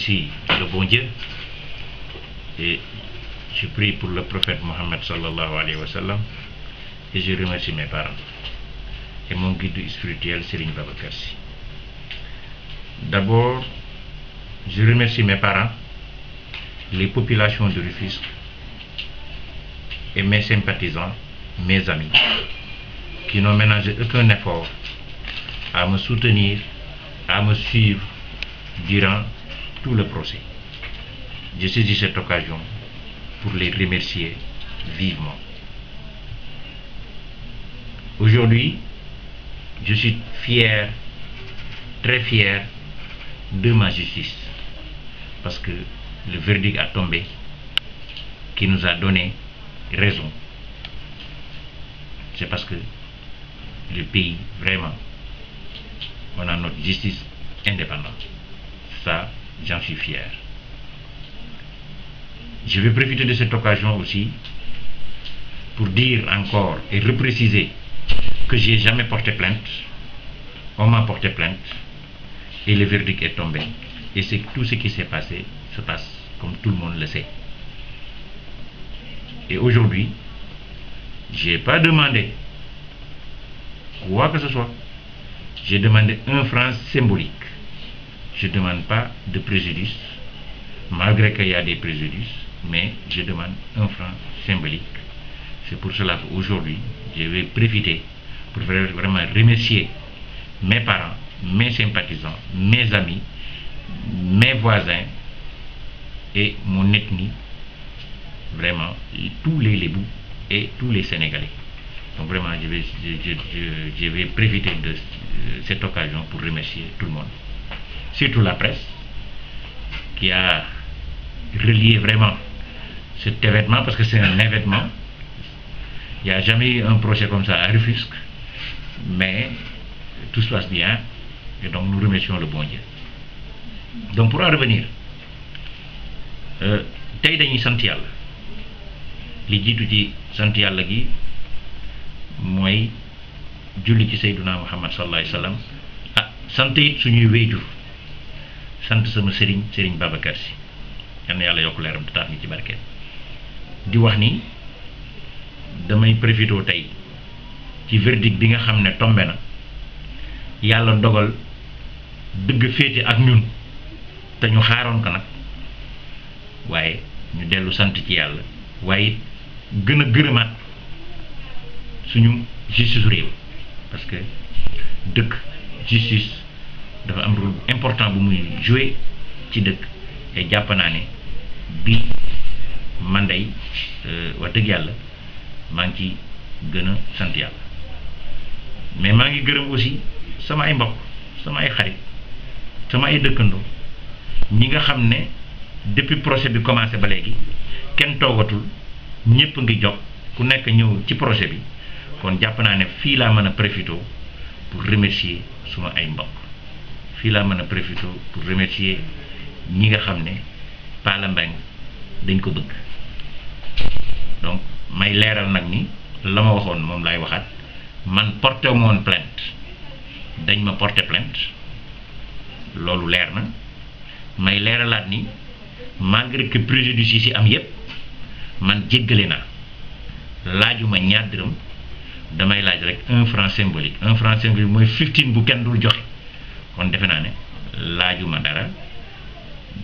Merci le bon Dieu et je prie pour le prophète Mohammed sallallahu alayhi wa sallam et je remercie mes parents et mon guide spirituel Serigne Babakarsi. D'abord, je remercie mes parents, les populations de Rufisque et mes sympathisants, mes amis, qui n'ont ménagé aucun effort à me soutenir, à me suivre durant tout le procès. Je saisis cette occasion pour les remercier vivement. Aujourd'hui, je suis fier, très fier de ma justice, parce que le verdict a tombé qui nous a donné raison. C'est parce que le pays, vraiment, on a notre justice indépendante j'en suis fier. Je vais profiter de cette occasion aussi pour dire encore et repréciser que j'ai jamais porté plainte. On m'a porté plainte et le verdict est tombé. Et c'est tout ce qui s'est passé se passe comme tout le monde le sait. Et aujourd'hui, je n'ai pas demandé quoi que ce soit. J'ai demandé un franc symbolique je ne demande pas de préjudice, malgré qu'il y a des préjudices, mais je demande un franc symbolique. C'est pour cela qu'aujourd'hui, je vais profiter pour vraiment remercier mes parents, mes sympathisants, mes amis, mes voisins et mon ethnie, vraiment, tous les Lébous et tous les Sénégalais. Donc vraiment, je vais, je vais profiter de euh, cette occasion pour remercier tout le monde surtout la presse, qui a relié vraiment cet événement, parce que c'est un événement. Il n'y a jamais eu un projet comme ça à Rufusque, mais tout se passe bien, et donc nous remercions le bon Dieu. Donc pour en revenir, euh, tey dañuy sant yàlla li qui ci sant yàlla gi mooy julli ci sayduna muhammad sallallahu alayhi wa sallam ah sant suñuy sant sama sëriñ sëriñ Babacar si yal na yàlla yokk leeram tax ñu ci barkeel di wax ni damay profité tey ci verdict bi nga xam ne tombe na yàlla dogal dëgg féete ak ñun te ñu xaaroon ko nag waaye ñu dellu sant ci yàlla waaye suñu justice réew parce que justice dafa am rôle bu important bu muy joué ci dëkk te jàpp naa ne bi man day euh, wax dëgg yàlla maa ngi ci gën a sant yàlla mais maa ngi gërëm aussi sama ay mbokk sama ay xarit sama ay dëkkandoo ñi nga xam ne depuis projet bi commencé ba léegi kenn toogatul ñëpp ngi jox ku nekk ñëw ci projet bi kon jàpp naa ne fii laa mën a profité pour remercier suma ay mbokk fii laa mën a profité pour remercier ñi nga xam ne Pala Mbengue dañ ko bëgg donc may leeral nag ni la ma waxoon moom laay waxaat man porté wu ma dañ ma porté plainte loolu leer na may leeralaat ni malgré que préjudice yi si am yépp man jéggale naa laajuma ñaar dërëm damay laaj rek un franc symbolique un franc symbolique mooy 15 bu kenn dul joxe. kon defe naa ne laajuma dara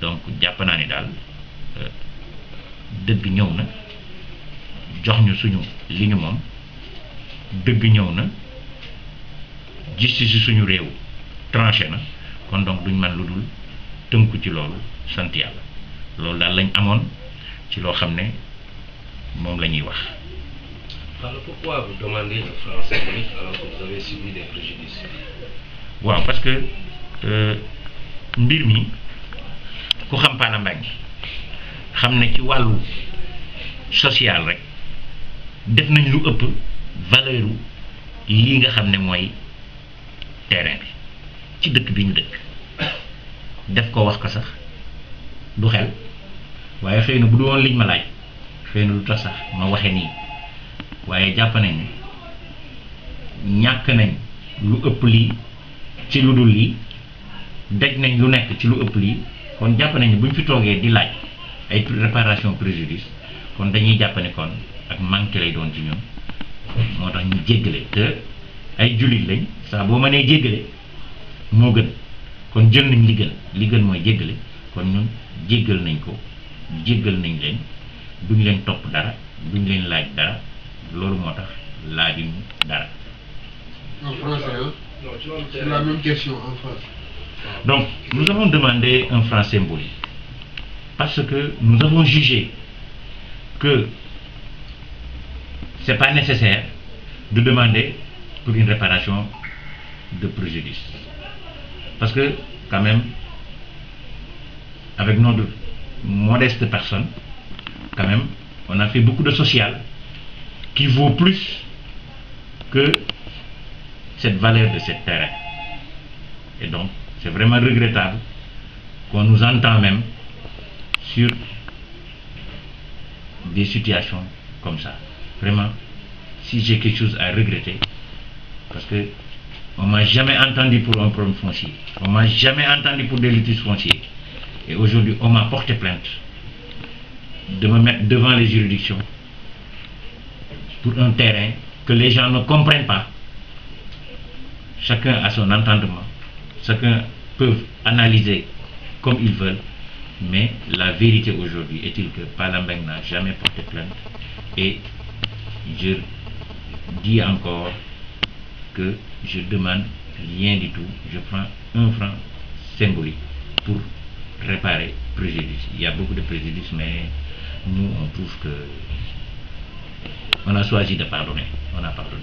donc jàpp naa ni daal euh, dëgg ñëw na jox ñu suñu li ñu moom dëgg ñëw na suñu réew tranché na kon donc duñ man lu dul tënku ci loolu sant yàlla loolu daal lañ amoon ci loo xam ne moom wax. alors pourquoi vous demandez le français alors que vous avez subi des préjudices. waaw parce que. Euh, mbir mi ku xam Palla Mbangue xam ne ci wàllu social rek def nañ lu ëpp valeur lii nga xam ne mooy terrain bi ci dëkk bi ñu dëkk def ko wax ko sax du xel waaye xëy na bu du woon liñ ma laaj xëy na du sax ma waxe nii waaye jàpp nañu ñàkk nañ lu ëpp lii ci lu dul lii daj nañ lu nekk ci lu ëpp lii kon jàpp nañ ne bu ñu fi toogee di laaj ay réparation préjudice kon dañuy jàpp kon ak manqué lay doon ci ñun moo tax ñu jéggale te ay jullit lañ saa boo mënee jéggale moo gën kon jël nañ li gën li gën mooy jéggale kon ñun jéggal nañ ko jéggal nañ leen duñ leen topp dara duñ leen laaj dara loolu moo tax laajuñu dara. en français Donc, nous avons demandé un franc symbolique parce que nous avons jugé que ce n'est pas nécessaire de demander pour une réparation de préjudice. Parce que, quand même, avec nos deux modestes personnes, quand même, on a fait beaucoup de social qui vaut plus que cette valeur de cette terrain. Et donc, c'est vraiment regrettable qu'on nous entend même sur des situations comme ça. Vraiment, si j'ai quelque chose à regretter, parce que on m'a jamais entendu pour un problème foncier, on m'a jamais entendu pour des litiges fonciers, et aujourd'hui on m'a porté plainte de me mettre devant les juridictions pour un terrain que les gens ne comprennent pas. Chacun a son entendement, chacun peuvent analyser comme ils veulent, mais la vérité aujourd'hui est-il que Palambeng n'a jamais porté plainte et je dis encore que je demande rien du tout, je prends un franc symbolique pour réparer préjudice. Il y a beaucoup de préjudices, mais nous on trouve que on a choisi de pardonner, on a pardonné.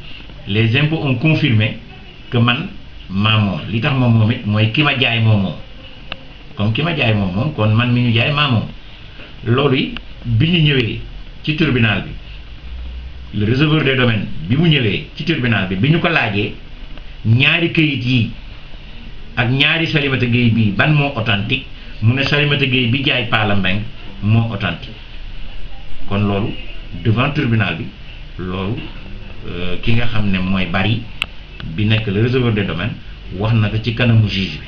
les impôts ont confirmé que man maa li tax ma moom it mooy ki ma jaay moom moom comme ki ma jaay moom moom kon man mi ñu jaay maa loolu yi bi ñu ñëwee ci tribunal bi le receveur des domaines bi mu ñëwee ci tribunal bi bi ñu ko laajee ñaari këyit yi ak ñaari Salimata Gueye bii ban moo authentique mu ne Salimata géey bi jaay Pala moo authentique kon loolu devant tribunal bi loolu Euh, ki nga xam ne mooy bari bi nekk le receveur des domaines wax na ko ci kanamu juge bi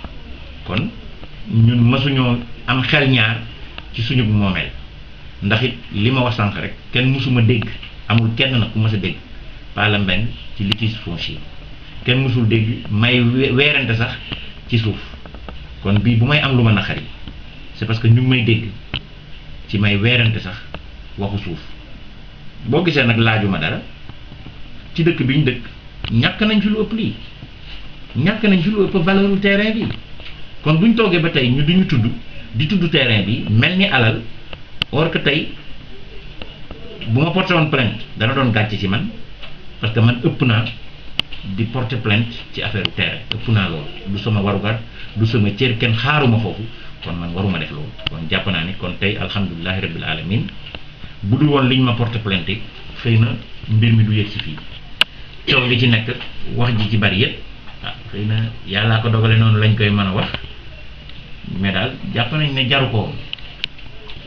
kon ñun mësuñoo am xel ñaar ci suñu moomeel ndax it li ma wax sànq rek kenn mësuma dégg amul kenn nag ku mës a dégg Palla Mbengue ci litige foncier kenn mësul dégg may weerante sax ci suuf kon bii bu may am lu ma naqar yi c'est parce que ñu may dégg ci may weerante sax waxu suuf boo gisee nag laajuma dara ci dëkk bi ñu dëkk ñàkk nañ fi lu ëpp lii ñàkk nañ fi lu ëpp valeur terrain bi kon bu ñu toogee ba tey ñu duñu tudd di tudd terrain bi mel ni alal or que tey bu ma porté woon plainte dana doon gàcce ci man parce que man ëpp naa di porter plainte ci affaire terrain ëpp naa loolu du sama warugar du sama cër kenn xaaruma foofu kon man waruma def loolu kon jàpp naa ni kon tey alhamdulilahi rabbil alamin bu dul woon liñ ma porté plainte xëy na mbir mi du coow li ci nekk wax ji ci bari yëpp ah xëy na yàllaa ko dogale noonu lañ koy mën a wax mais daal jàpp nañ ne jaru ko woon.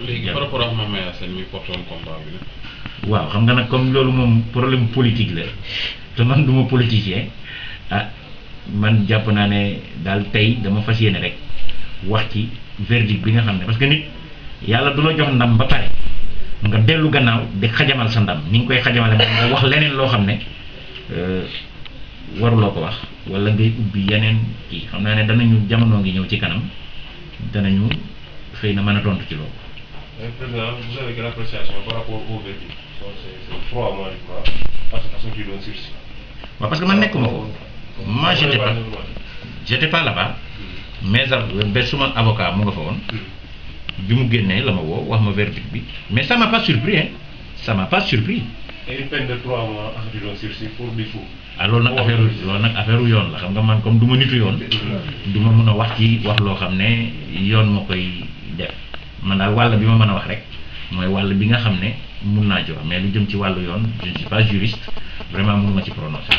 léegi par waaw xam nga nag comme loolu moom problème politique la te man du ma politicien ah man jàpp naa ne daal tey dama fas yéene rek wax ci verdict bi nga xam ne parce que nit yàlla du la jox ndam ba pare nga dellu gannaaw di xajamal sa ndam ni nga koy xajamale nga wax leneen loo xam ne. Euh, waruloo ko wax wala ngay ubbi yeneen kii xam naa ne danañu jamono ngi ñëw ci kanam ñu xëy na mën a tontu ci loolu. Euh, président par parce que askan wi doon sursis. parce que man nekkuma ko. moi j'étais pas mais sax hmm. suma avocat mu nga fa woon. Hmm. bi mu génnee la ma woo wax ma verdict bi mais sama m'a pas sama hein ça et une peine de trois mois nag affaire loolu nag affaire yoon la xam nga man comme duma ma nitu yoon. du ma mën a wax ci wax loo xam ne yoon moo koy def man wàll bi ma mën a wax rek mooy wàll bi nga xam ne mun naa ci wax mais lu jëm ci wàll yoon je ne suis pas juriste vraiment mënuma ci prononcer.